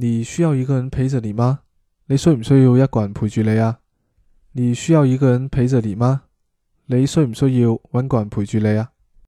你需要一個人陪着你嗎？你需唔需要一個人陪住你啊？你需要一個人陪着你嗎？你需唔需要搵個人陪住你啊？